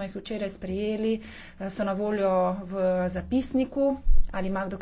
smo jih včeraj sprejeli, eh, so na voljo v zapisniku ali ima kdo